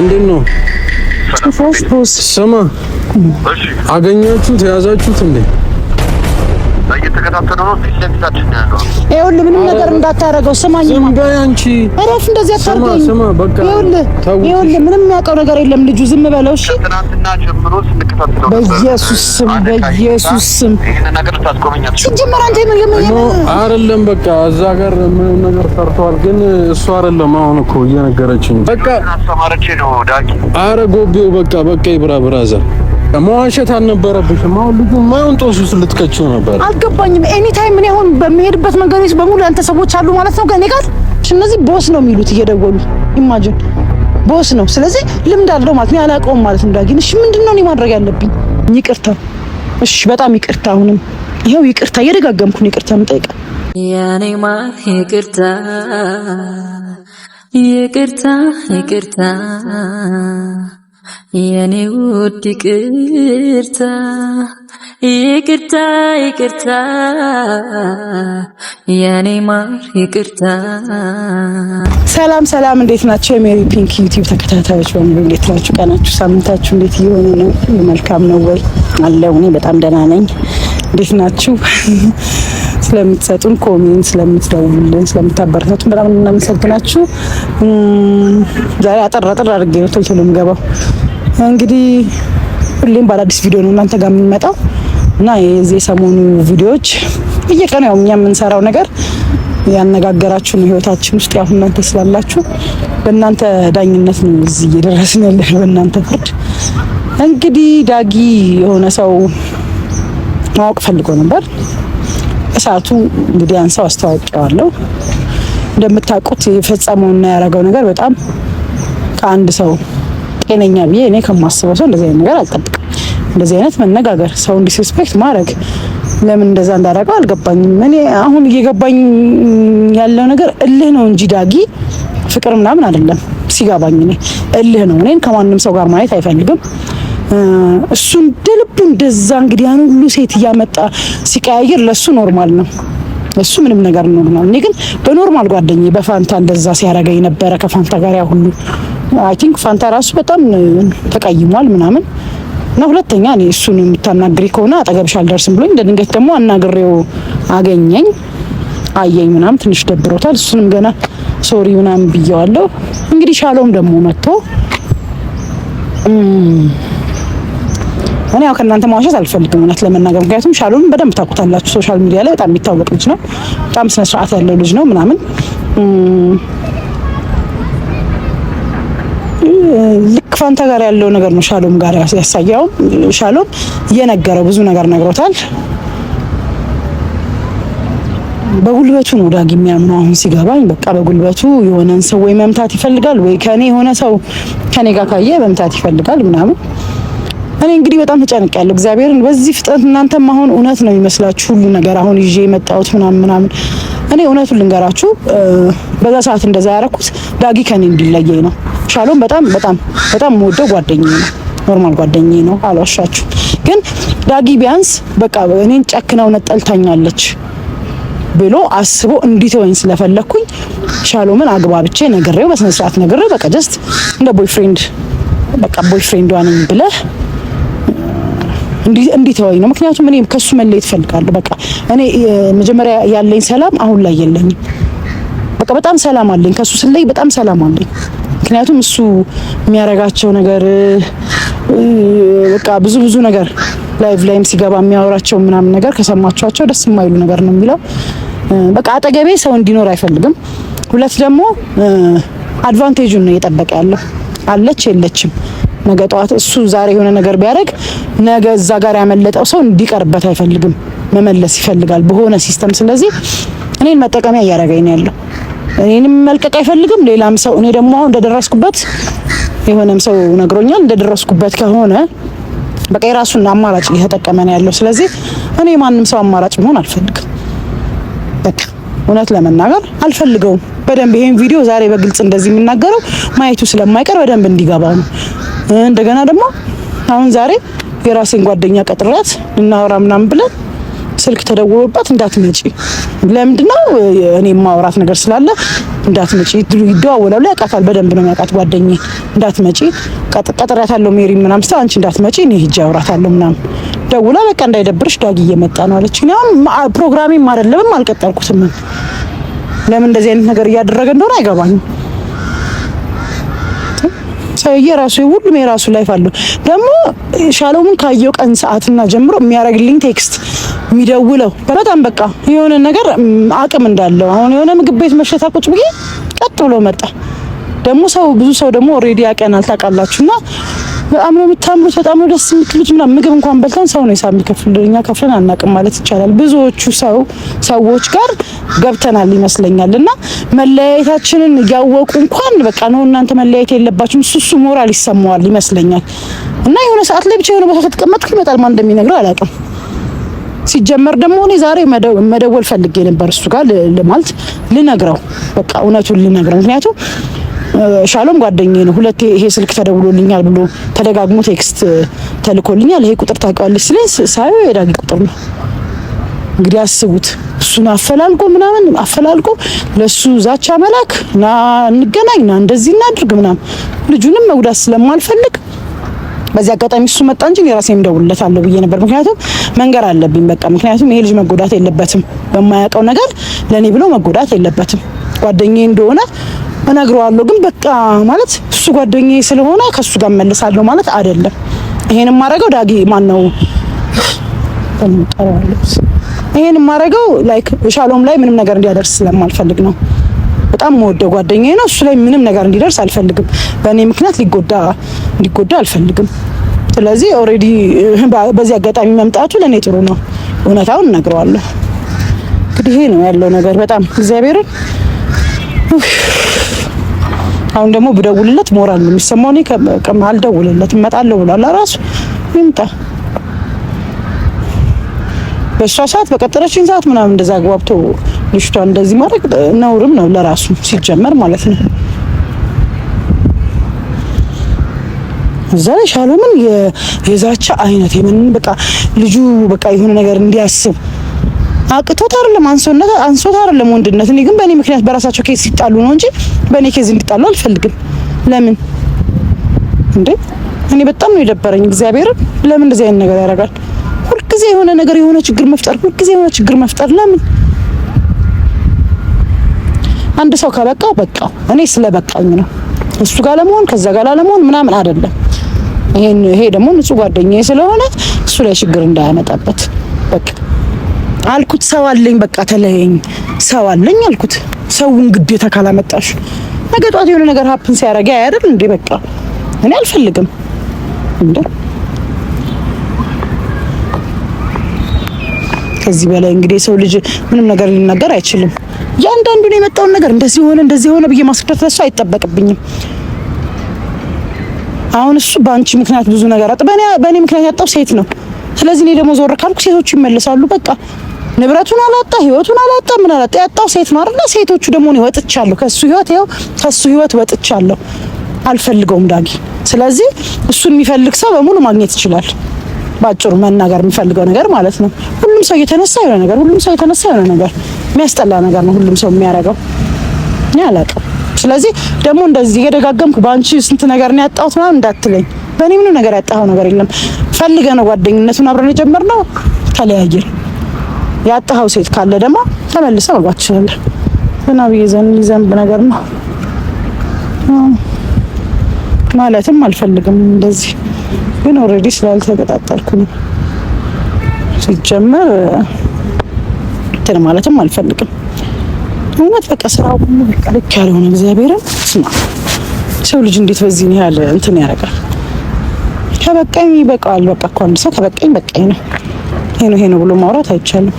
እንዴት ነው? ስማ፣ አገኛችሁት? የያዛችሁት እንዴ? እየተከታተሉ ነው። ፊት ለፊታችን ያለው ይኸውልህ፣ ምንም ነገር እንዳታረገው ስማኝ። አንቺ እረፍ፣ እንደዚህ አታርገኝ። ይኸውልህ፣ ምንም የሚያውቀው ነገር የለም ልጁ። ዝም በለው እሺ። ትናንትና ጀምሮ ስንከታተለው በኢየሱስ ስም፣ በኢየሱስ ስም ይሄን ነገር ታስቆመኛል። ሲጀመር አንተ ምን አይደለም፣ በቃ እዛ ጋር ምን ነገር ሰርተዋል። ግን እሱ አይደለም አሁን እኮ እየነገረችኝ በቃ አስተማረቼ በቃ በቃ ይብራ ብራዘር መዋሸት አልነበረብሽም። አሁን ልጁ ማይሆን ጦስ ውስጥ ልትከቺው ነበር። አልገባኝም። ኤኒ ታይም እኔ አሁን በሚሄድበት መንገድ ውስጥ በሙሉ አንተ ሰዎች አሉ ማለት ነው ከኔ ጋር። እነዚህ ቦስ ነው የሚሉት እየደወሉ ኢማጂን ቦስ ነው። ስለዚህ ልምድ አለው ማለት ነው። አላውቀውም ማለት ነው ዳጊን። እሺ ምንድን ነው እኔ ማድረግ ያለብኝ? ይቅርታ። እሺ በጣም ይቅርታ። አሁንም ይኸው ይቅርታ እየደጋገምኩ ነው ይቅርታ የምጠይቀው የኔ ማር ይቅርታ ይቅርታ ይቅርታ የኔ ውድ ይቅርታ ይቅርታ ይቅርታ የኔ ማር ይቅርታ። ሰላም ሰላም፣ እንዴት ናቸው የሜሪ ፒንክ ዩቲዩብ ተከታታዮች በሙሉ እንዴት ናችሁ? ቀናችሁ፣ ሳምንታችሁ እንዴት እየሆነ ነው? ሁሉ መልካም ነው ወይ? አለው እኔ በጣም ደህና ነኝ። እንዴት ናችሁ? ስለምትሰጡን ኮሜንት፣ ስለምትደውሉልን፣ ስለምታበረታቱን በጣም እናመሰግናችሁ። ዛሬ አጠር አጠር አድርጌ ነው ቶሎ ቶሎ የምገባው እንግዲህ ሁሌም በአዳዲስ ቪዲዮ ነው እናንተ ጋር የምንመጣው እና የዚህ ሰሞኑ ቪዲዮዎች እየቀኑ ያው እኛ የምንሰራው ነገር ያነጋገራችሁ ህይወታችን ውስጥ ያው እናንተ ስላላችሁ በእናንተ ዳኝነት ነው እዚህ እየደረስን ያለ በእናንተ ፍርድ። እንግዲህ ዳጊ የሆነ ሰው ማወቅ ፈልጎ ነበር። እሳቱ እንግዲህ ያን ሰው አስተዋውቀዋለሁ። እንደምታውቁት የፈጸመውና ያደረገው ነገር በጣም ከአንድ ሰው ጤነኛ ብዬ እኔ ከማስበው ሰው እንደዚህ አይነት ነገር አልጠብቅም። እንደዚህ አይነት መነጋገር፣ ሰውን ዲስሪስፔክት ማድረግ ለምን እንደዛ እንዳደረገው አልገባኝም። እኔ አሁን እየገባኝ ያለው ነገር እልህ ነው እንጂ ዳጊ ፍቅር ምናምን አይደለም። ሲገባኝ እኔ እልህ ነው። እኔን ከማንም ሰው ጋር ማየት አይፈልግም። እሱ እንደ ልቡ እንደዛ እንግዲህ ያን ሁሉ ሴት እያመጣ ሲቀያየር ለሱ ኖርማል ነው። እሱ ምንም ነገር ኖርማል። እኔ ግን በኖርማል ጓደኛዬ በፋንታ እንደዛ ሲያደርገኝ ነበረ ከፋንታ ጋር ያ ሁሉ አይ ቲንክ ፋንታ ራሱ በጣም ተቀይሟል ምናምን እና ሁለተኛ እኔ እሱን የምታናግሪ ከሆነ አጠገብሽ አልደርስም ብሎኝ እንደድንገት ደግሞ አናግሬው አገኘኝ አየኝ ምናምን ትንሽ ደብሮታል። እሱንም ገና ሶሪ ምናምን ብየዋለሁ። እንግዲህ ሻሎም ደግሞ መጥቶ እኔ ያው ከእናንተ ማዋሸት አልፈልግም እውነት ለመናገር ምክንያቱም ሻሎም በደንብ ታውቁታላችሁ። ሶሻል ሚዲያ ላይ በጣም የሚታወቅ ልጅ ነው። በጣም ስነስርዓት ያለው ልጅ ነው ምናምን ልክ ፋንታ ጋር ያለው ነገር ነው ሻሎም ጋር ያሳየው። ሻሎም እየነገረው ብዙ ነገር ነግሮታል። በጉልበቱ ነው ዳጊ የሚያምነው። አሁን ሲገባኝ በቃ በጉልበቱ የሆነን ሰው ወይ መምታት ይፈልጋል፣ ወይ ከኔ የሆነ ሰው ከኔ ጋር ካየ መምታት ይፈልጋል ምናምን። እኔ እንግዲህ በጣም ተጨንቄያለሁ። እግዚአብሔርን በዚህ ፍጥነት እናንተም አሁን እውነት ነው የሚመስላችሁ ሁሉ ነገር አሁን ይዤ የመጣሁት ምናምን ምናምን። እኔ እውነቱን ልንገራችሁ፣ በዛ ሰዓት እንደዛ ያረኩት ዳጊ ከኔ እንዲለየኝ ነው። ሻሎም በጣም በጣም በጣም የምወደው ጓደኛዬ ነው። ኖርማል ጓደኛዬ ነው፣ አልዋሻችሁ። ግን ዳጊ ቢያንስ በቃ እኔን ጨክነው ነጠልታኛለች ብሎ አስቦ እንዲተወኝ ስለፈለኩኝ ሻሎምን አግባብቼ ነግሬው በስነ ስርዓት ነግሬው በቃ ጀስት እንደ ቦይፍሬንድ በቃ ቦይፍሬንዷ ነኝ ብለህ እንዲተወኝ ነው። ምክንያቱም እኔ ከሱ መለየት እፈልጋለሁ። በቃ እኔ መጀመሪያ ያለኝ ሰላም አሁን ላይ የለኝም። በቃ በጣም ሰላም አለኝ ከሱ ስለይ በጣም ሰላም አለኝ። ምክንያቱም እሱ የሚያረጋቸው ነገር በቃ ብዙ ብዙ ነገር ላይቭ ላይም ሲገባ የሚያወራቸው ምናምን ነገር ከሰማችኋቸው ደስ የማይሉ ነገር ነው የሚለው። በቃ አጠገቤ ሰው እንዲኖር አይፈልግም። ሁለት ደግሞ አድቫንቴጁን ነው እየጠበቀ ያለው አለች የለችም። ነገ ጠዋት እሱ ዛሬ የሆነ ነገር ቢያደርግ ነገ እዛ ጋር ያመለጠው ሰው እንዲቀርበት አይፈልግም፣ መመለስ ይፈልጋል በሆነ ሲስተም። ስለዚህ እኔን መጠቀሚያ እያደረገኝ ነው ያለው። እኔንም መልቀቅ አይፈልግም፣ ሌላም ሰው። እኔ ደግሞ አሁን እንደደረስኩበት የሆነም ሰው ነግሮኛል። እንደደረስኩበት ከሆነ በቃ የራሱን አማራጭ እየተጠቀመ ነው ያለው። ስለዚህ እኔ ማንም ሰው አማራጭ መሆን አልፈልግም። በቃ እውነት ለመናገር አልፈልገውም። በደንብ ይሄን ቪዲዮ ዛሬ በግልጽ እንደዚህ የሚናገረው ማየቱ ስለማይቀር በደንብ እንዲገባ ነው። እንደገና ደግሞ አሁን ዛሬ የራሴን ጓደኛ ቀጥሬያት ልናወራ ምናምን ብለን ስልክ ተደውሎባት እንዳትመጪ፣ ለምንድን ለምንድነው እኔ የማወራት ነገር ስላለ እንዳትመጪ ይደዋወላሉ። ያውቃታል፣ በደንብ ነው ያውቃት። ጓደኛዬ እንዳትመጪ ቀጥሬያታለሁ፣ ሜሪ ምናም ስታ አንቺ እንዳትመጪ እኔ ሂጅ አውራታለሁ ምናም ደውላ በቃ እንዳይደብርሽ ዳጊ እየመጣ ነው አለች። እኔም ፕሮግራሜም አይደለም አልቀጠልኩትም። ለምን እንደዚህ አይነት ነገር እያደረገ እንደሆነ አይገባኝም። ሰውዬ ራሱ ሁሉም የራሱ ላይፍ አለው። ደግሞ ሻሎምን ካየው ቀን ሰዓትና ጀምሮ የሚያደርግልኝ ቴክስት የሚደውለው በጣም በቃ የሆነ ነገር አቅም እንዳለው አሁን የሆነ ምግብ ቤት መሸታ ቁጭ ብዬ ቀጥ ብሎ መጣ። ደግሞ ሰው ብዙ ሰው ደግሞ ኦልሬዲ ያቀናል ታውቃላችሁ። እና በጣም ነው የምታምሩት፣ በጣም ነው ደስ የምትሉት። ምናምን ምግብ እንኳን በልተን ሰው ነው የሳ የሚከፍልልን እኛ ከፍለን አናቅም ማለት ይቻላል። ብዙዎቹ ሰው ሰዎች ጋር ገብተናል ይመስለኛል። እና መለያየታችንን እያወቁ እንኳን በቃ ነው እናንተ መለያየት የለባችሁም ሱሱ ሞራል ይሰማዋል ይመስለኛል። እና የሆነ ሰዓት ላይ ብቻ የሆነ ቦታ ከተቀመጥኩ ይመጣል። ማን እንደሚነግረው አላውቅም። ሲጀመር ደግሞ እኔ ዛሬ መደወል ፈልጌ ነበር እሱ ጋር ማለት ልነግረው፣ በቃ እውነቱን ልነግረው። ምክንያቱም ሻሎም ጓደኛዬ ነው። ሁለቴ ይሄ ስልክ ተደውሎልኛል ብሎ ተደጋግሞ ቴክስት ተልኮልኛል። ይሄ ቁጥር ታውቂዋለች ሲለኝ ሳዩ የዳጊ ቁጥር ነው። እንግዲህ አስቡት፣ እሱን አፈላልቆ ምናምን አፈላልቆ ለሱ ዛቻ መላክ፣ ና እንገናኝ፣ ና እንደዚህ እናድርግ ምናምን ልጁንም መጉዳት ስለማልፈልግ በዚህ አጋጣሚ እሱ መጣ እንጂ የራሴ እደውልለታለሁ ብዬ ነበር። ምክንያቱም መንገር አለብኝ በቃ። ምክንያቱም ይሄ ልጅ መጎዳት የለበትም በማያውቀው ነገር ለእኔ ብሎ መጎዳት የለበትም። ጓደኛዬ እንደሆነ እነግረዋለሁ። ግን በቃ ማለት እሱ ጓደኛዬ ስለሆነ ከእሱ ጋር መልሳለሁ ማለት አይደለም። ይሄን የማደርገው ዳጊ ማን ነው? ይሄን የማደርገው ላይክ ሻሎም ላይ ምንም ነገር እንዲያደርስ ስለማልፈልግ ነው። በጣም መወደው ጓደኛዬ ነው። እሱ ላይ ምንም ነገር እንዲደርስ አልፈልግም። በእኔ ምክንያት ሊጎዳ እንዲጎዳ አልፈልግም። ስለዚህ ኦልሬዲ በዚህ አጋጣሚ መምጣቱ ለእኔ ጥሩ ነው። እውነታውን እነግረዋለሁ። እንግዲህ ይሄ ነው ያለው ነገር። በጣም እግዚአብሔርን አሁን ደግሞ ብደውልለት ሞራል ነው የሚሰማው። እኔ አልደውልለት እመጣለሁ ብሏል። ራሱ ይምጣ በእሷ ሰዓት በቀጠረችኝ ሰዓት ምናምን እንደዛ አግባብቶ ልጅቷ እንደዚህ ማድረግ ነውርም ነው ለራሱ ሲጀመር ማለት ነው። እዛ ላይ ሻሎምን የዛቻ አይነት የምን በቃ ልጁ በቃ የሆነ ነገር እንዲያስብ አቅቶት አይደለም፣ አንሶነት አንሶት አይደለም ወንድነት። እኔ ግን በእኔ ምክንያት በራሳቸው ኬዝ ሲጣሉ ነው እንጂ በእኔ ኬዝ እንዲጣሉ አልፈልግም። ለምን እንዴ እኔ በጣም ነው የደበረኝ። እግዚአብሔርን ለምን እንደዚህ አይነት ነገር ያደርጋል? ሁልጊዜ የሆነ ነገር የሆነ ችግር መፍጠር፣ ሁልጊዜ የሆነ ችግር መፍጠር ለምን አንድ ሰው ከበቃው በቃው። እኔ ስለበቃኝ ነው እሱ ጋር ለመሆን ከዛ ጋር ለመሆን ምናምን አይደለም። ይሄን ይሄ ደግሞ ንጹህ ጓደኛዬ ስለሆነ እሱ ላይ ችግር እንዳያመጣበት በቃ አልኩት። ሰው አለኝ በቃ ተለየኝ፣ ሰው አለኝ አልኩት። ሰውን ግዴታ ካላመጣሽ ነገ ጧት የሆነ ነገር ሀፕን ሲያደርግ አይደል እንዴ? በቃ እኔ አልፈልግም እንዴ ከዚህ በላይ እንግዲህ የሰው ልጅ ምንም ነገር ሊናገር አይችልም። ያንዳንዱን የመጣውን ነገር እንደዚህ ሆነ እንደዚህ ሆነ ብዬ ማስረዳት ለሱ አይጠበቅብኝም። አሁን እሱ በአንቺ ምክንያት ብዙ ነገር አጣ። በእኔ ምክንያት ያጣው ሴት ነው። ስለዚህ እኔ ደግሞ ዞር ካልኩ ሴቶቹ ይመለሳሉ። በቃ ንብረቱን አላጣ፣ ህይወቱን አላጣ፣ ምን አላጣ። ያጣው ሴት ነው አይደል? ሴቶቹ ደግሞ እኔ ወጥቻለሁ ከሱ ህይወት፣ ይኸው ከሱ ህይወት ወጥቻለሁ። አልፈልገውም ዳጊ። ስለዚህ እሱን የሚፈልግ ሰው በሙሉ ማግኘት ይችላል። ባጭሩ መናገር የሚፈልገው ነገር ማለት ነው። ሁሉም ሰው እየተነሳ የሆነ ነገር ሁሉም ሰው እየተነሳ የሆነ ነገር የሚያስጠላ ነገር ነው ሁሉም ሰው የሚያደርገው። እኔ አላውቅም። ስለዚህ ደግሞ እንደዚህ እየደጋገምኩ በአንቺ ስንት ነገር ነው ያጣሁት ምናምን እንዳትለኝ። በእኔ ምንም ነገር ያጣኸው ነገር የለም። ፈልገ ነው ጓደኝነቱን አብረን የጀመርነው፣ ተለያየን። ያጣኸው ሴት ካለ ደግሞ ተመልሰ መግባት ትችላለን። ዝናብ ይዘን ሊዘንብ ነገር ነው ማለትም አልፈልግም። እንደዚህ ግን ኦልሬዲ ስላልተቀጣጠልኩ ነው ሲጀመር እንትን ማለትም አልፈልግም። እውነት በቃ ስራው ሁሉ ልክ ያልሆነ እግዚአብሔርን ስማ፣ ሰው ልጅ እንዴት በዚህ ያለ እንትን ያደርጋል? ከበቃኝ ይበቃዋል። በቃ እኮ አንድ ሰው ከበቃኝ በቃኝ ነው ይሄ ነው ይሄ ነው ብሎ ማውራት አይቻልም።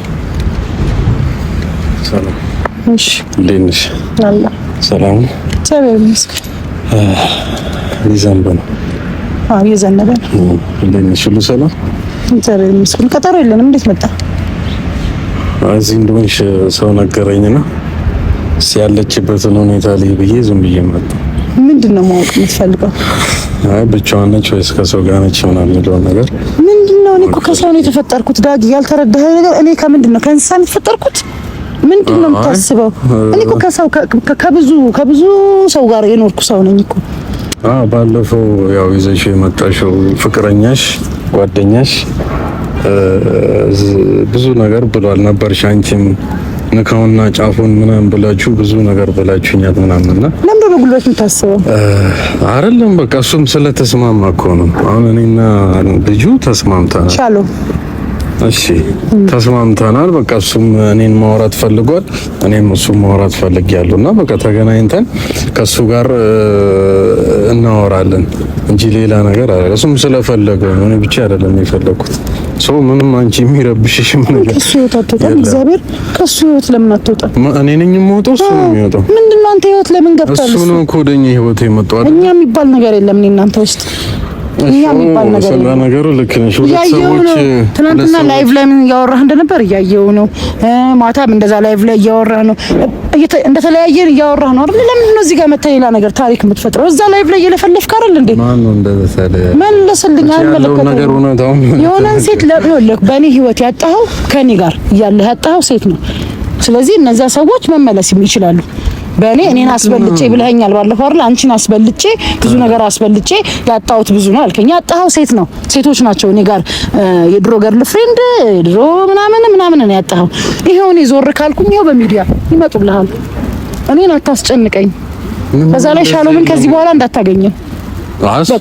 ሰላም እሺ፣ እንዴት ነሽ? ሰላም እግዚአብሔር ይመስገን። ሊዘንብ ነው። አዎ እየዘነበ ነው። እንዴት ሁሉ ሰላም? እግዚአብሔር ይመስገን። ቀጠሮ የለንም። እንዴት መጣ? እዚህ እንደሆንሽ ሰው ነገረኝና ያለችበትን ሁኔታ ላይ ብዬ ዝም ብዬ መጣሁ። ምንድን ነው ማወቅ የምትፈልገው? አይ ብቻዋን ነች ወይስ ከሰው ጋር ነች ምናምን የሚለውን ነገር ምንድን ነው? እኔ እኮ ከሰው ነው የተፈጠርኩት ዳጊ፣ ያልተረዳህ ነገር እኔ ከምንድን ነው ከእንስሳ ነው የተፈጠርኩት? ምንድን ነው የምታስበው? እኔ እኮ ከሰው ከብዙ ከብዙ ሰው ጋር የኖርኩ ሰው ነኝ እኮ። አዎ ባለፈው ያው ይዘሽው የመጣሽው ፍቅረኛሽ ጓደኛሽ ብዙ ነገር ብሏል ነበር ሻንቲም ንካውና ጫፉን ምናምን ብላችሁ ብዙ ነገር ብላችሁኛት ምናምንና ለምን በጉልበት የምታስበው አይደለም። በቃ እሱም ስለተስማማ እኮ ነው። አሁን እኔና ልጁ ተስማምተናል። ቻሎ እሺ፣ ተስማምተናል። በቃ እሱም እኔን ማውራት ፈልጓል፣ እኔም እሱም ማውራት ፈልጊያለሁ እና በቃ ተገናኝተን ከሱ ጋር እናወራለን እንጂ ሌላ ነገር አይደለም። እሱም ስለፈለገው ነው፣ እኔ ብቻ አይደለም የፈለኩት ሰው ምንም አንቺ የሚረብሽሽም ነገር ከሱ ህይወት አትወጣም። እግዚአብሔር ከሱ ህይወት ለምን አትወጣም? እኔ ነኝ የምወጣው፣ እሱ ነው የሚወጣው። ምንድን ነው አንተ ህይወት ለምን ገብታለህ? እሱ ነው እኮ ወደ እኛ ህይወት የመጣው አይደል? እኛ የሚባል ነገር የለም እኔ እናንተ ውስጥ እኛ ነገሩ ልክ ነሽ። እያየሁ ነው። ትናንትና ላይቭ ላይ ምን እያወራህ እንደነበር እያየሁ ነው። ማታም እንደዛ ላይቭ ላይ እያወራህ ነው፣ እንደተለያየን እያወራህ ነው አይደል? ለምንድን ነው እዚህ ጋር ሌላ ነገር ታሪክ የምትፈጥረው? እዛ ላይቭ ላይ እየለፈለፍክ አይደል እንዴ? መለስልኝ። አይመለከተውም። የሆነን ሴት በእኔ ህይወት ያጣኸው ከኔ ጋር እያለህ ያጣኸው ሴት ነው። ስለዚህ እነዛ ሰዎች መመለስ ይችላሉ። በእኔ እኔን አስበልጬ ብለኸኛል ባለፈው አይደል? አንቺን አስበልጬ ብዙ ነገር አስበልጬ ያጣሁት ብዙ ነው አልከኝ። ያጣኸው ሴት ነው ሴቶች ናቸው እኔ ጋር የድሮ ገርል ፍሬንድ የድሮ ምናምን ምናምን ነው ያጣኸው። ይሄው እኔ ዞር ካልኩኝ ይሄው በሚዲያ ይመጡልሃል። እኔን አታስጨንቀኝ። በዛ ላይ ሻሎምን ከዚህ በኋላ እንዳታገኘው እሱ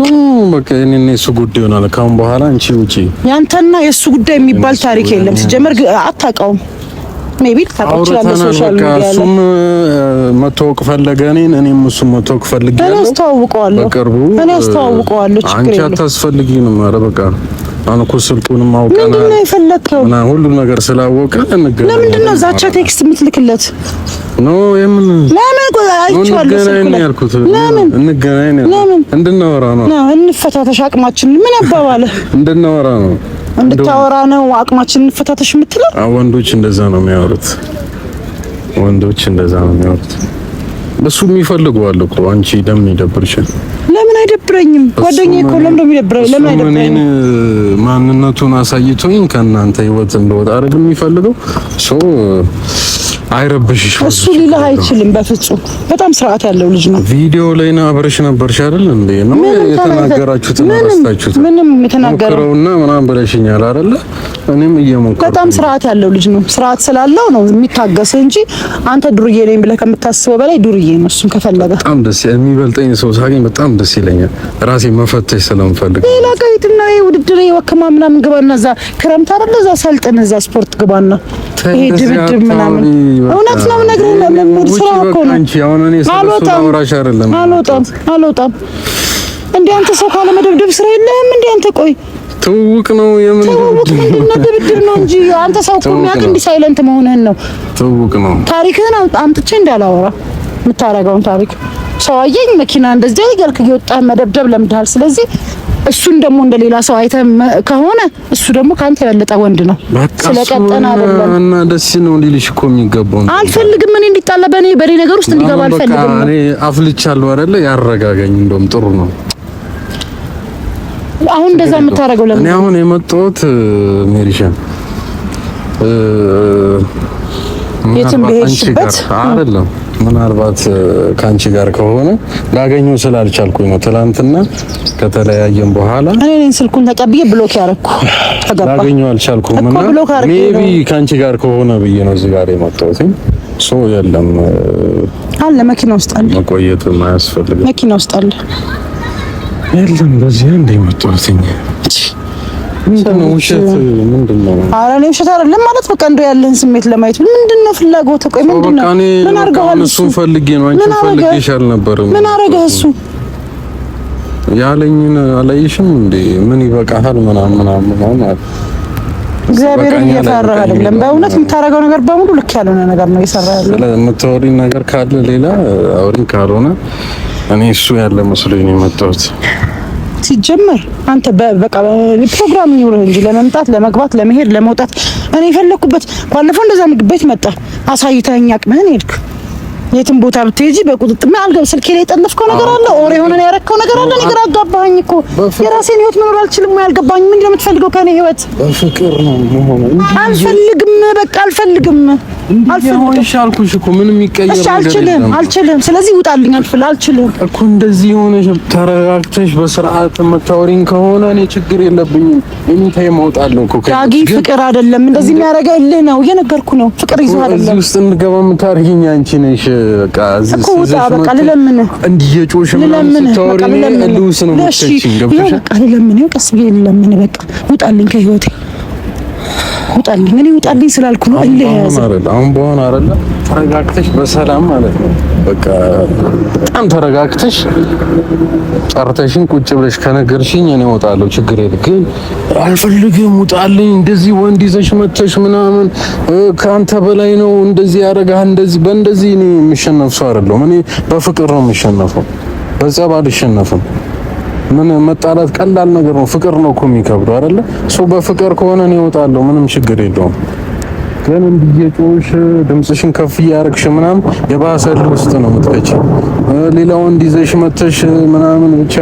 በቃ እኔ እሱ ጉዳይ ሆናል። ካሁን በኋላ አንቺ ውጪ። ያንተና የእሱ ጉዳይ የሚባል ታሪክ የለም። ሲጀመር አታውቀውም። ሜቢ እሱም መታወቅ ፈለገ እኔን፣ እኔም እሱም መታወቅ ፈልጌ እኔ አስተዋውቀዋለሁ፣ በቅርቡ እኔ አስተዋውቀዋለሁ። ችግር የለም። አንቺ አታስፈልጊንም። ኧረ በቃ አሁን እኮ ስልኩንም አውቀናል። ምንድን ነው የፈለግከው? እና ሁሉም ነገር ስላወቀ እንገናኝ። ለምንድን ነው ዛቻ ቴክስት የምትልክለት? ኖ የምን ለምን አይቻለሁ። ስልኩ ያልኩት ለምን እንገናኝ ነው እንድናወራ ነው። እንፈታተሽ አቅማችን ምን አባባለ እንድናወራ ነው እንድታወራ ነው አቅማችን ፈታተሽ የምትለው? ወንዶች እንደዛ ነው የሚያወሩት። ወንዶች እንደዛ ነው የሚያወሩት። እሱ የሚፈልገው አለ እኮ አንቺ ለምን ይደብርሻል? ለምን አይደብረኝም? ጓደኛዬ እኮ ለምን ይደብረኝ? ለምን አይደብረኝ? ማንነቱን አሳይቶኝ ከእናንተ ህይወት እንደወጣ አረግ የሚፈልገው ሶ አይረብሽሽ። እሱ ሊልህ አይችልም በፍጹም። በጣም ስርዓት ያለው ልጅ ነው። ቪዲዮ ላይ ነው አብረሽ ነበርሽ አይደል እንዴ? ነው የተናገራችሁት ነው ረስታችሁት። ምንም እና ምናምን ብለሽኛል አይደል እኔም እየሞከረ በጣም ስርዓት ያለው ልጅ ነው። ስርዓት ስላለው ነው የሚታገስ እንጂ አንተ ዱርዬ ነኝ ብለህ ከምታስበው በላይ ዱርዬ ነው። እሱም ከፈለገ በጣም ደስ የሚበልጠኝ ሰው ሳገኝ በጣም ደስ ይለኛል። ራሴ መፈተሽ ስለምፈልግ ሌላ ቀይት ቀይትና ውድድር ወከማ ምናምን ግባና እዛ ክረምት አይደል እዛ ሰልጥን፣ እዛ ስፖርት ግባና ይሄ ድብድብ ምናምን እውነት ነው ለምን ስራ እኮ ነው። አልወጣም አልወጣም። እንደ አንተ ሰው ካለ መደብደብ ስራ የለም። እንደ አንተ ቆይ ትውውቅ ነው የምን ድብድብ ነው እንጂ አንተ ሰው እኮ የሚያውቅ እንዲህ ሳይለንት መሆንህን ነው። ትውውቅ ነው። ታሪክህን አምጥቼ እንዳላወራ ታሪክ ሰው አየኝ መኪና እንደዚህ እያልክ እየወጣህ መደብደብ ለምዳል። ስለዚህ እሱን ደግሞ እንደ ሌላ ሰው አይተህ ከሆነ እሱ ደግሞ ከአንተ ያለጠ ወንድ ነው። ስለቀጠና አይደለም እና ደስ ነው ሊልሽ እኮ የሚገባው አልፈልግም። እኔ እንዲጣላ በእኔ በእኔ ነገር ውስጥ እንዲገባ አልፈልግም። እኔ አፍልቻለሁ አይደለ? ያረጋጋኝ እንደውም ጥሩ ነው። አሁን እንደዛ የምታደርገው ለምን? እኔ አሁን የመጣሁት ሜሪሻን የትም በሄድሽበት አይደለም። ምናልባት ከአንቺ ጋር ከሆነ ላገኘው ስላልቻልኩኝ ነው። ትናንትና ከተለያየን በኋላ እኔ ነኝ ስልኩን ተቀብዬ ብሎክ ያደረኩ ላገኘው አልቻልኩም እና ሜቢ ከአንቺ ጋር ከሆነ ብዬ ነው እዚህ ጋር የመጣሁት። ሶ የለም አለ መኪና ውስጥ አለ። መቆየት አያስፈልግም። መኪና ውስጥ አለ። የለም በዚህ እንደ የመጣሁት ኧረ ውሸት አይደለም ማለት በቃ እንደው ያለህን ስሜት ለማየት ምንድን ነው ፍላጎትህ? ቆይ ምንድን ነው ምን አድርገሃል? እሱን ፈልጌ ነው አንቺን ፈልጌሽ አልነበረም። ምን አደረገህ እሱ? ያለኝን አላየሽም እንዴ? ምን ይበቃሃል ምናምን ምናምን ማለት እግዚአብሔርን እየፈራህ አይደለም። በእውነት የምታደርገው ነገር በሙሉ ልክ ያልሆነ ነገር ነው እየሰራ ያለው። ስለምታወሪኝ ነገር ካለ ሌላ አውሪኝ፣ ካልሆነ እኔ እሱ ያለ መስሎኝ ነው የመጣሁት። ሲጀመር አንተ በቃ ፕሮግራም ይኑርህ እንጂ ለመምጣት ለመግባት ለመሄድ ለመውጣት እኔ የፈለግኩበት ባለፈው እንደዛ ምግብ ቤት መጣ አሳይተኸኝ አቅምህን ሄድክ። የትም ቦታ ብትሄጂ በቁጥጥር ምን አልገብ ስልኬ ላይ የጠለፍከው ነገር አለ ኦር የሆነ ያረከው ነገር አለ። ነገር አጋባኸኝ እኮ የራሴን ህይወት መኖር አልችልም። ያልገባኝ ምን ለምትፈልገው ከኔ ህይወት በፍቅር ነው ሆነ አልፈልግም። በቃ አልፈልግም አልኩሽ እኮ ምንም የሚቀየር አልችልም፣ አልችልም። ስለዚህ ውጣልኝ፣ አልፍል፣ አልችልም እኮ እንደዚህ የሆነሽ ተረጋግተሽ በስርዓት የምታወሪኝ ከሆነ እኔ ችግር የለብኝም። እኔ ታይ ማውጣለሁ እኮ ዳጊ፣ ፍቅር አይደለም እንደዚህ የሚያደርገው እልህ ነው። እየነገርኩ ነው፣ ፍቅር ይዞ አይደለም እዚህ ውስጥ እንድገባ የምታደርጊኝ አንቺ ነሽ። በቃ እኮ ውጣ፣ በቃ ልለምን፣ እንዲህ የጮሽ ምናምን ስታወሪ እልህ ውስጥ ነው የምትችይኝ። ገብቶሻል? በቃ ልለምን፣ ቀስ ብዬ ልለምን፣ በቃ ውጣልኝ ከህይወቴ ውጣልኝ። እኔ ውጣልኝ ስላልኩ ነው እንዴ? የያዘ አሁን በሆነ አይደለ። ተረጋግተሽ በሰላም ማለት ነው በቃ በጣም ተረጋግተሽ ጠርተሽኝ ቁጭ ብለሽ ከነገርሽኝ እኔ እወጣለሁ። ችግር የለም ግን አልፈልግም። ውጣልኝ። እንደዚህ ወንድ ይዘሽ መተሽ ምናምን ከአንተ በላይ ነው እንደዚህ ያደርግሃል። እንደዚህ በእንደዚህ እኔ የምሸነፍ ሰው አይደለሁም። እኔ በፍቅር ነው የምሸነፈው፣ በጸብ አልሸነፍም። ምን መጣላት ቀላል ነገር ነው። ፍቅር ነው እኮ የሚከብደው አይደለ? ሰው በፍቅር ከሆነ እኔ እወጣለሁ፣ ምንም ችግር የለውም። ግን እንዲየጮሽ ድምጽሽን ከፍ እያደረግሽ ምናምን የባሰል ውስጥ ነው የምትከች። ሌላው እንዲዘሽ መተሽ ምናምን ብቻ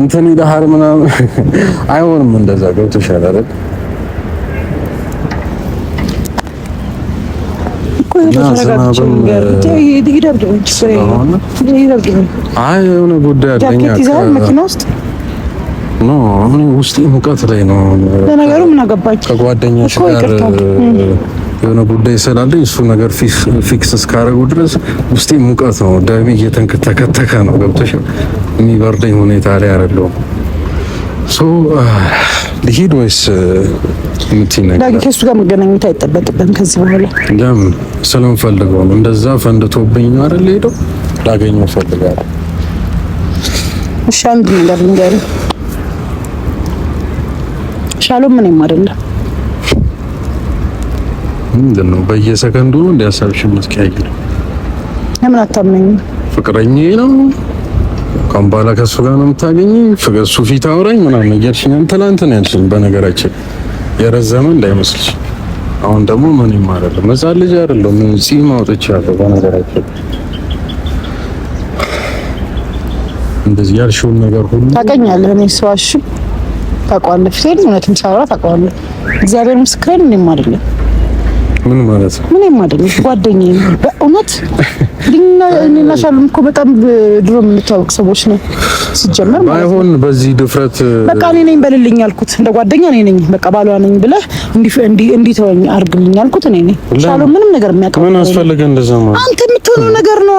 እንትን ይልሃል ምናምን አይሆንም። እንደዛ ገብቶሻል አይደል? የሆነ አሁን ውስጤ ሙቀት ላይ ነው። ለነገሩ ምን አገባች ከጓደኛሽ ጋር የሆነ ጉዳይ ስላለኝ እሱ ነገር ፊክስ እስካደረጉ ድረስ ውስጤ ሙቀት ነው። ደሜ እየተንከተከተከ ነው። ገብተሽ የሚበርደኝ ሁኔታ ላይ አይደለሁም። ልሄድ ወይስ ከእሱ ጋር መገናኘት አይጠበቅብን ከዚህ በኋላ ለምን ስለምፈልገው ነው። እንደዛ ፈንድቶብኝ ነው አይደል? ሄደው ላገኘው እሺ አንድ ነገር ልንገርህ፣ ሻሎም አይደለም። ምንድን ነው በየሰከንዱ እንዲያሳብሽ ለምን አታምነኝም? ፍቅረኛ ነው ካሁን በኋላ ከሱ ጋር ነው የምታገኝ፣ እሱ ፊት አውራኝ ምናምን እያልሽኛል። ትናንት ነው ያልሽኝ። በነገራችን የረዘመ እንዳይመስልሽ። አሁን ደግሞ ምን ይማራል? ሕፃን ልጅ አይደለም። ምን ጺም አውጥቻለሁ። በነገራችን እንደዚህ ያልሽውን ነገር ሁሉ ታገኛለህ። እኔ ሰው አሽም ታውቀዋለህ፣ ፊቴን እውነትም ሳውራ ታውቀዋለህ። እግዚአብሔር ምስክሬን እኔም አይደለም ምን ማለት ነው? ምንም አይደለም ጓደኛዬ ነው በእውነት ሊና እኔና ሻሎም እኮ በጣም ድሮ የምንታወቅ ሰዎች ነው። ሲጀመር ባይሆን በዚህ ድፍረት በቃ እኔ ነኝ በልልኝ አልኩት። እንደ ጓደኛ እኔ ነኝ በቃ ባሏ ነኝ ብለህ እንዲህ ተወኝ አድርግልኝ አልኩት። እኔ ነኝ። ሻሎም ምንም ነገር የሚያውቀው ምን አስፈልገ እንደዛ ማለት አንተ የምትሆነው ነገር ነው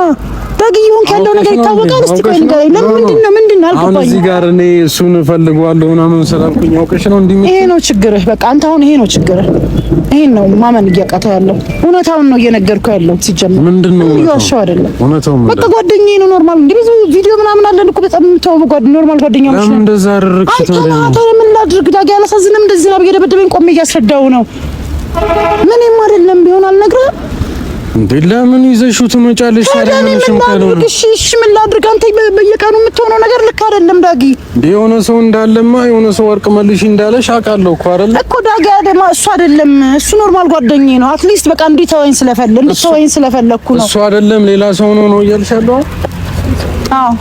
በግ እየሆንክ ያለው ነገር ይታወቃል። እስቲ ቆይ ንገረኝ። ለምንድን ነው ምንድን ነው አልገባኝም። እዚህ ጋር እኔ እሱን እፈልገዋለሁ ምናምን ስላልኩኝ አውቀሽ ነው እንዲህ ይሄ ነው ችግርህ። በቃ አንተ አሁን ይሄ ነው ችግርህ። ይሄን ነው ማመን እያቃተህ ያለው እውነታውን ነው እየነገርኩ ያለው። ሲጀምር ምንድን ነው እያዋሸሁ አይደለም። እውነታውን በቃ ጓደኛዬ ነው ኖርማል። እንደ ብዙ ቪዲዮ ምናምን አለን እኮ በጣም የምታወው ጓድ ኖርማል ጓደኛ ነው። እንደዛ አደረግሽ? ታዲያ አንተ ምን ላድርግ? ዳጊ አላሳዝንም። እንደዚህ ነው ብዬሽ ደበደበኝ። ቆሜ እያስረዳሁ ነው። ምንም አይደለም ቢሆን አልነግርህም እንዴ ለምን ይዘሽው ትመጫለሽ? ታደምሽም ካልሆነ እሺ፣ እሺ ምን ላድርግ? አንተ በየቀኑ የምትሆነው ነገር ልክ አይደለም ዳጊ። እንዴ የሆነ ሰው እንዳለማ የሆነ ሰው ወርቅ መልሽ እንዳለሽ አውቃለሁ እኮ አይደል እኮ ዳጊ። አደማ እሱ አይደለም እሱ ኖርማል ጓደኛዬ ነው። አትሊስት በቃ እንዲተወኝ ስለፈለ እንዲተወኝ ስለፈለኩ ነው። እሱ አይደለም ሌላ ሰው ነው ነው እያልሻለሁ። አዎ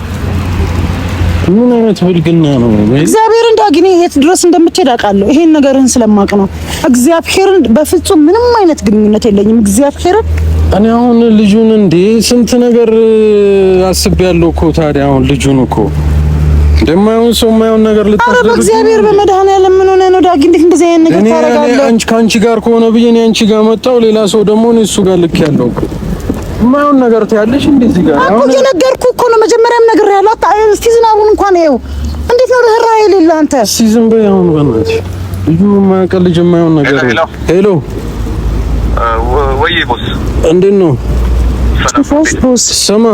ምን አይነት ብልግና ነው? እግዚአብሔርን ዳጊ፣ እኔ የት ድረስ እንደምትሄድ አውቃለሁ። ይሄን ነገርህን ስለማቅ ነው። እግዚአብሔርን በፍጹም ምንም አይነት ግንኙነት የለኝም። እግዚአብሔርን እኔ አሁን ልጁን እንዴ ስንት ነገር አስቤያለሁ እኮ። ታዲያ አሁን ልጁን እኮ እንደማይሆን ሰው የማይሆን ነገር ልታደርግ። በእግዚአብሔር በመድኃኒዓለም ምን ሆነህ ነው ዳግ እንዴት እንደዚህ አይነት ነገር ታደርጋለህ? አንቺ ከአንቺ ጋር ከሆነ ብዬ እኔ አንቺ ጋር መጣሁ። ሌላ ሰው ደግሞ እኔ እሱ ጋር ልክ ያለው እኮ የማይሆን ነገር ታያለሽ እንዴ እዚህ ጋር አሁን የነገርኩህ እኮ ነው መጀመሪያም ነገር ያለው። እስቲ ዝናቡን እንኳን ይኸው እንዴት ነው ርህራሄ የሌለ አንተ። እስቲ ዝም በይ አሁን በእናትሽ። ልጁ የማያውቅ ልጅ የማይሆን ነገር ሄሎ ወይ ቦስ፣ እንዴት ነው? ስማ፣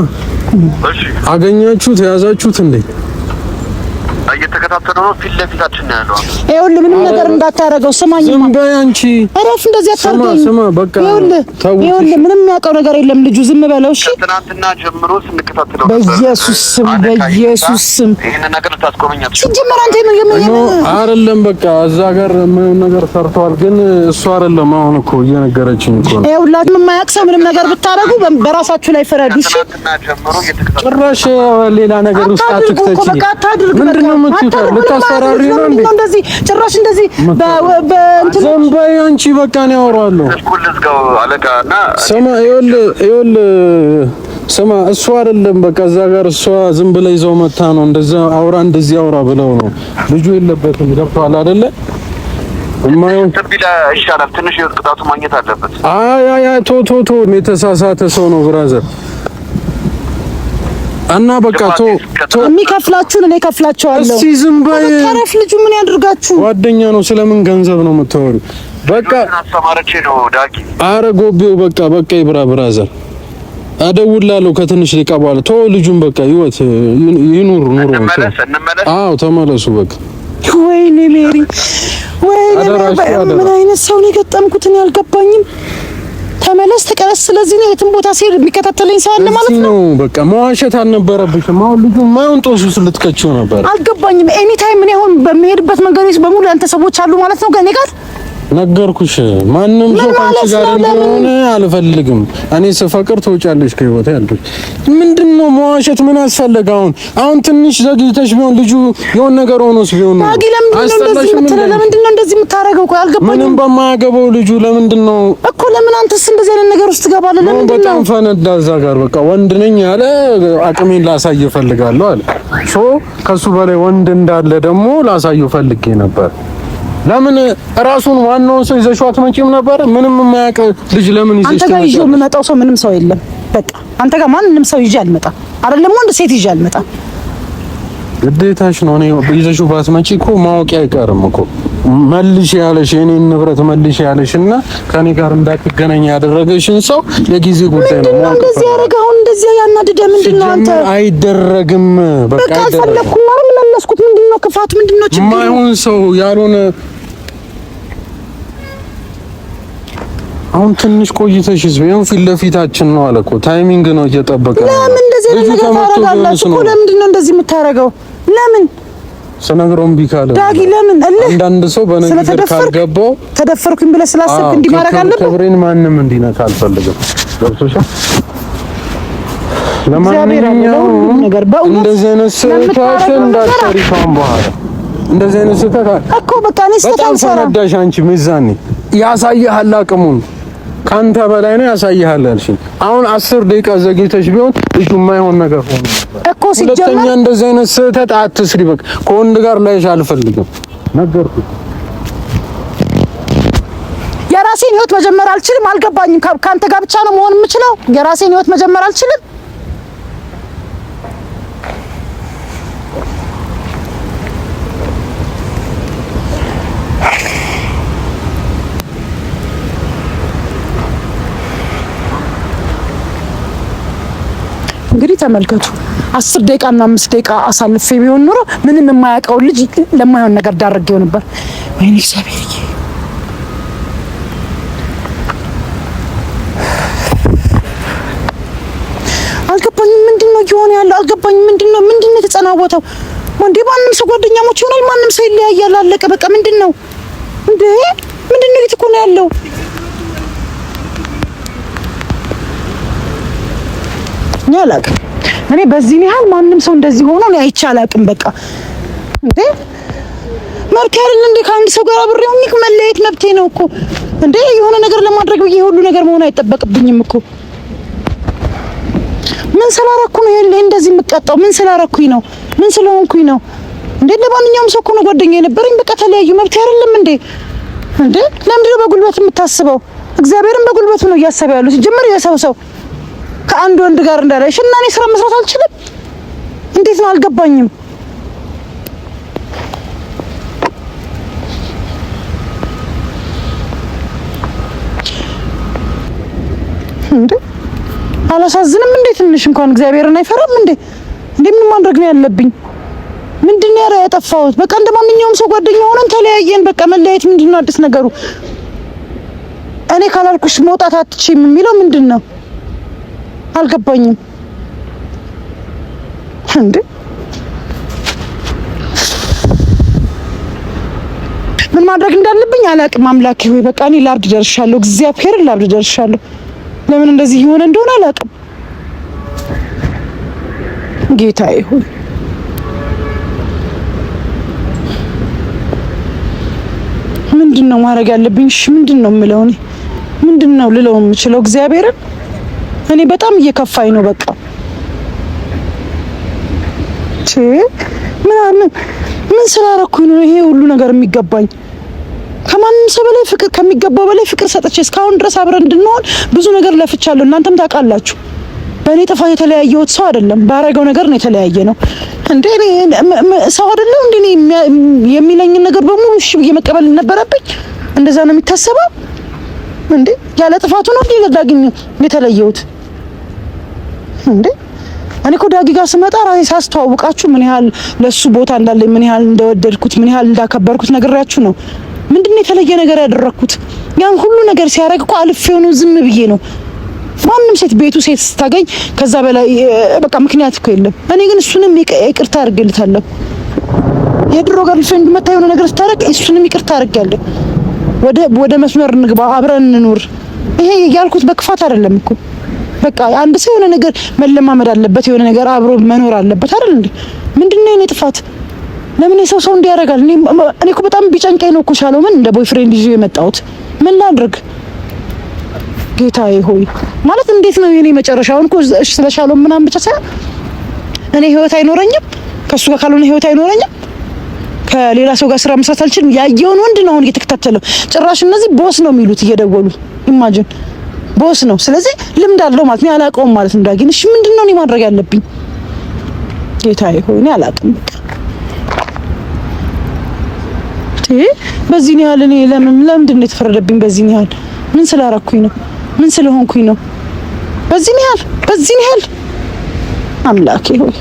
አገኛችሁት? ያዛችሁት እንዴ? እየተከታተሉ ነው። ፊት ለፊታችን ነው ያለው። ይኸውልህ ምንም ነገር እንዳታረገው ስማኝ። ዝም በይ አንቺ። እረፍ፣ እንደዚህ አታርገኝ። ስማ፣ በቃ ይኸውልህ፣ ምንም ያውቀው ነገር የለም ልጁ። ዝም በለው እሺ። ትናንትና ጀምሮ ስንከታተለው በኢየሱስ ስም፣ በኢየሱስ ስም ይሄን ነገር ታስቆመኛት ሲጀመር አንተ ምን አይደለም። በቃ እዛ ጋር ምንም ነገር ሰርተዋል፣ ግን እሱ አይደለም። አሁን እኮ እየነገረችኝ እኮ ነው። ይኸውላችሁ የማያውቅ ሰው ምንም ነገር ብታረጉ በራሳችሁ ላይ ፍረዱ እሺ። ጭራሽ ሌላ ነገር ውስጥ አትክተቺ። ምንድነው ልታስፈራሪ ነው እንዴ? እንደዚህ ጭራሽ እንደዚህ በእንትን ዝም በይ አንቺ። በቃ ነው ያወራለሁ። ስማ፣ ይኸውልህ ይኸውልህ ስማ እሱ አይደለም በቃ እዛ ጋር እሷ ዝም ብለ ይዘው መታ ነው እንደዛ አውራ እንደዚህ አውራ ብለው ነው። ልጁ የለበትም ገብቷል አይደለ? ይሻላል። ትንሽ ቅጣቱ ማግኘት አለበት። አይ አይ ቶ ቶ ቶ የተሳሳተ ሰው ነው ብራዘር እና በቃ ቶ ቶ የሚከፍላችሁን እኔ ከፍላችኋለሁ። እስቲ ዝም በይ ተረፍ። ልጁ ምን ያድርጋችሁ? ጓደኛ ነው። ስለምን ገንዘብ ነው የምታወሪው? በቃ አስተማረቼ ነው ዳጊ። አረ ጎቤው በቃ በቃ ይብራ ብራዘር አደውላለሁ ከትንሽ ደቂቃ በኋላ። ቶ ልጁን በቃ ይወት ይኑር ኑሮ። አዎ ተመለሱ በቃ። ወይኔ ሜሪ፣ ወይኔ ምን አይነት ሰው ነው የገጠምኩት? እኔ አልገባኝም። መመለስ ተቀበስ። ስለዚህ ነው የትም ቦታ ሲሄድ የሚከታተለኝ ሰው አለ ማለት ነው። በቃ መዋሸት አልነበረብሽም። አሁን ልጁ ማይሆን ጦስ ውስጥ ልትከቺው ነበር። አልገባኝም። ኤኒ ታይም እኔ አሁን በሚሄድበት መንገዶች በሙሉ ያንተ ሰዎች አሉ ማለት ነው ከእኔ ጋር ነገርኩሽ። ማንም ሰው ካንቺ ጋር እንደሆነ አልፈልግም። እኔ ስፈቅር ትወጫለሽ ከህይወቴ አልኩሽ። ምንድን ነው መዋሸት? ምን አስፈለገ? አሁን አሁን ትንሽ ዘግይተሽ ቢሆን ልጁ የሆነ ነገር ሆኖስ ቢሆን ነው። ለምንድን ነው እንደዚህ የምታረገው? ቆይ አልገባኝም። ምንም በማያገባው ልጁ ለምንድን ነው እኮ ለምን አንተስ እንደዚህ አይነት ነገር ውስጥ ትገባለህ? ለምንድን ነው በጣም ፈነዳ። እዛ ጋር በቃ ወንድ ነኝ ያለ አቅሜን ላሳየው እፈልጋለሁ አለ። ሶ ከሱ በላይ ወንድ እንዳለ ደግሞ ላሳየው ፈልጌ ነበር ለምን ራሱን ዋናውን ሰው ይዘሽው አትመጪም ነበር? ምንም የማያውቅ ልጅ ለምን ይዘሽ አንተ ጋር ይዤው የምመጣው ሰው ምንም ሰው የለም። በቃ አንተ ጋር ማንንም ሰው ይዤ አልመጣም። አይደለም ወንድ ሴት ይዤ አልመጣም። ግዴታሽ ነው። እኔ ይዘሽው ባትመጪ እኮ ማወቂ አይቀርም እኮ መልሽ ያለሽ የኔን ንብረት መልሽ ያለሽ እና ከኔ ጋር እንዳትገናኝ ያደረገሽን ሰው የጊዜ ጉዳይ ነው። ምንድነው እንደዚህ ያደረገ? አሁን እንደዚህ ያናደደ ምንድነው? አንተ አይደረግም። በቃ አልፈለኩም። ምንድነው ክፋቱ? ምንድነው ችግሩ? የማይሆን ሰው ያልሆነ አሁን ትንሽ ቆይተሽ ህዝብ ይሁን ፊት ለፊታችን ነው አለ እኮ ታይሚንግ ነው እየጠበቀ ለምን እንደዚህ ነገር ታደርጋላችሁ እኮ? ለምንድን ነው እንደዚህ የምታደርገው? ለምን ስነግረው ቢካለ ዳጊ ለምን እልህ? አንዳንድ ሰው በነገር ካልገባው ተደፈርኩኝ ብለህ ስላሰብክ እንዲህ ማድረግ አለብህ? ክብሬን ማንም እንዲነካ አልፈልግም። ገብቶሻል? ለማንኛውም ነገር በእውነት እንደዚህ አይነት ስህተት እንዳትሰሪ ካሁን በኋላ እንደዚህ አይነት ስህተት እኮ በቃ እኔ ስህተት አልሰራም። በጣም ያሳየሃል አቅሙን ካንተ በላይ ነው ያሳይሃል አልሽኝ። አሁን አስር ደቂቃ ዘግይተሽ ቢሆን እሱ የማይሆን ነገር ሆኖ እኮ ሲጀምር፣ ሁለተኛ እንደዚህ አይነት ስህተት አትስሪ። በቃ ከወንድ ጋር ላይሽ አልፈልግም ነገርኩት። የራሴን ህይወት መጀመር አልችልም። አልገባኝም። ካንተ ጋር ብቻ ነው መሆን የምችለው። የራሴን ህይወት መጀመር አልችልም። ተመልከቱ። አስር እና አምስት ደቂቃ አሳልፌ ቢሆን ኖሮ ምንም የማያውቀው ልጅ ለማይሆን ነገር ዳረገው ነበር። ወይኔ እግዚአብሔር። አልገባኝም። ምንድን ነው እየሆነ ያለው? አልገባኝም። ምንድን ነው ምንድን ነው የተጸናወተው? ወንዴ ማንም ሰው ጓደኛሞች ይሆናል፣ ማንም ሰው ይለያያል። አለቀ በቃ። ምንድን ነው እንዴ? ምንድን ነው እየተኮነ ያለው? እኔ አላቅም። እኔ በዚህ ያህል ማንም ሰው እንደዚህ ሆኖ እኔ አይቼ አላቅም። በቃ እንዴ መብቴ አይደል እንዴ? ከአንድ ሰው ጋር አብሬው ምንም መለየት መብቴ ነው እኮ እንዴ። የሆነ ነገር ለማድረግ ብዬ ሁሉ ነገር መሆን አይጠበቅብኝም እኮ ምን ስላረኩ ነው ይሄ እንደዚህ የምቀጣው? ምን ስላረኩኝ ነው? ምን ስለሆንኩኝ ነው? እንዴ ለማንኛውም ሰው እኮ ነው ጓደኛ የነበረኝ። በቃ ተለያዩ፣ መብት አይደለም እንዴ? እንዴ ለምንድነው በጉልበት የምታስበው? እግዚአብሔርን በጉልበቱ ነው እያሰበ ያሉት ጅምር የሰው ሰው ከአንድ ወንድ ጋር እንዳለ እና እኔ ስራ መስራት አልችልም? እንዴት ነው አልገባኝም። እንዴ አላሳዝንም እንዴ? ትንሽ እንኳን እግዚአብሔርን አይፈራም እንዴ? እንዴ ምን ማድረግ ነው ያለብኝ? ምንድን ያረ ያጠፋሁት? በቃ እንደማንኛውም ሰው ጓደኛ ሆነን ተለያየን። በቃ መለያየት ምንድን ነው አዲስ ነገሩ? እኔ ካላልኩሽ መውጣት አትችይም የሚለው ምንድን ነው? አልገባኝም እንዴ ምን ማድረግ እንዳለብኝ አላቅም። አምላኬ ሆይ በቃ እኔ ላብድ ደርሻለሁ። እግዚአብሔር ላብድ ደርሻለሁ። ለምን እንደዚህ የሆነ እንደሆነ አላቅም። ጌታ ይሁን ምንድን ነው ማድረግ ያለብኝ? ምንድን ነው የምለው? እኔ ምንድን ነው ልለው የምችለው? እግዚአብሔርን እኔ በጣም እየከፋኝ ነው። በቃ ቺ ምናምን ምን ስላረኩኝ ነው ይሄ ሁሉ ነገር የሚገባኝ? ከማንም ሰው በላይ ፍቅር ከሚገባው በላይ ፍቅር ሰጥቼ እስካሁን ድረስ አብረን እንድንሆን ብዙ ነገር ለፍቻለሁ። እናንተም ታውቃላችሁ። በእኔ ጥፋት የተለያየሁት ሰው አይደለም። ባረገው ነገር ነው የተለያየ ነው። እንዴ ሰው አይደለም እንዴ የሚለኝን ነገር በሙሉ እሺ ብዬ መቀበል ነበረብኝ። እንደዛ ነው የሚታሰበው እንዴ? ያለ ጥፋቱ ነው እንዴ የተለየሁት? እንዴ እኔ እኮ ዳጊ ጋር ስመጣ ራሴ ሳስተዋውቃችሁ ምን ያህል ለሱ ቦታ እንዳለኝ ምን ያህል እንደወደድኩት ምን ያህል እንዳከበርኩት ነግሬያችሁ ነው። ምንድነው የተለየ ነገር ያደረኩት? ያን ሁሉ ነገር ሲያደርግ እኮ አልፌው ነው ዝም ብዬ ነው። ማንም ሴት ቤቱ ሴት ስታገኝ ከዛ በላይ በቃ ምክንያት እኮ የለም። እኔ ግን እሱንም ይቅርታ አድርጌልታለሁ። የድሮ ጋር ልፈ እንድመታ የሆነ ነገር ስታደርግ እሱንም ይቅርታ አድርጌያለሁ። ወደ ወደ መስመር እንግባ፣ አብረን እንኑር። ይሄ ያልኩት በክፋት አይደለም እኮ በቃ አንድ ሰው የሆነ ነገር መለማመድ አለበት፣ የሆነ ነገር አብሮ መኖር አለበት አይደል እንዴ? ምንድነው የኔ ጥፋት? ለምን የሰው ሰው እንዲያደርጋል? እኔ እኮ በጣም ቢጨንቀኝ ነው እኮ ሻሎምን እንደ ቦይፍሬንድ ይዤ የመጣሁት። ምን ላድርግ ጌታዬ ሆይ ማለት እንዴት ነው የኔ መጨረሻውን? እኮ ስለ ሻሎም ምናምን ብቻ ሳይሆን እኔ ህይወት አይኖረኝም ከሱ ጋር ካልሆነ ህይወት አይኖረኝም። ከሌላ ሰው ጋር ስራ መስራት አልችልም። ያየውን ወንድ ነው አሁን እየተከታተለው። ጭራሽ እነዚህ ቦስ ነው የሚሉት እየደወሉ ኢማጂን ቦስ ነው። ስለዚህ ልምድ አለው ማለት ነው። ያላቀውም ማለት ነው ዳጊን። እሺ ምንድን ነው እኔ ማድረግ ያለብኝ? ጌታ ሆይ አላቅም። በዚህ ያህል እኔ ለምን ለምንድን ነው የተፈረደብኝ? በዚህ ያህል ምን ስላረኩኝ ነው? ምን ስለሆንኩኝ ነው? በዚህ ያህል በዚህ ያህል አምላኬ ሆይ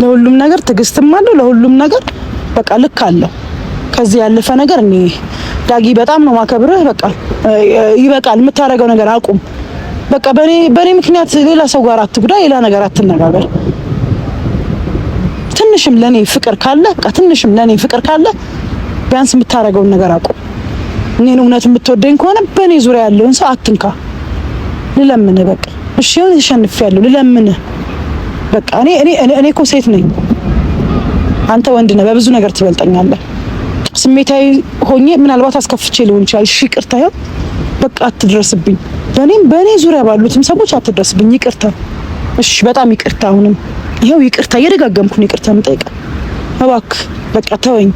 ለሁሉም ነገር ትዕግስትም አለው። ለሁሉም ነገር በቃ ልክ አለው። ከዚህ ያለፈ ነገር እኔ ዳጊ በጣም ነው ማከብርህ። በቃ ይበቃል፣ የምታደርገው ነገር አቁም። በቃ በኔ በኔ ምክንያት ሌላ ሰው ጋር አትጉዳ፣ ሌላ ነገር አትነጋገር። ትንሽም ለኔ ፍቅር ካለ በቃ ትንሽም ለኔ ፍቅር ካለ ቢያንስ የምታደርገውን ነገር አቁም። እኔን እውነት የምትወደኝ ከሆነ በእኔ ዙሪያ ያለውን ሰው አትንካ። ልለምንህ በቃ እሺ፣ ይሁን ተሸንፌያለሁ። ልለምንህ በቃ እኔ እኔ እኔ እኮ ሴት ነኝ፣ አንተ ወንድ ነህ። በብዙ ነገር ትበልጠኛለህ። ስሜታዊ ሆኜ ምናልባት አስከፍቼ ሊሆን ይችላል። እሺ ይቅርታ፣ ያው በቃ አትድረስብኝ፣ በእኔም በእኔ ዙሪያ ባሉትም ሰዎች አትድረስብኝ፣ ይቅርታ፣ እሺ፣ በጣም ይቅርታ። አሁንም ይኸው ይቅርታ እየደጋገምኩን ይቅርታ ምጠይቀ እባክህ፣ በቃ ተወኝ።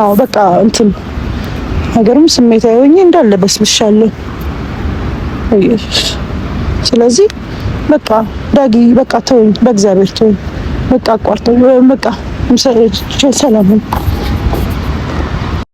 አዎ በቃ እንትን ነገሩም ስሜታዊ ሆኜ እንዳለ በስብሻለሁ። ስለዚህ በቃ ዳጊ፣ በቃ ተወኝ፣ በእግዚአብሔር ተወኝ። በቃ አቋርጠው በቃ ሰላም ነው።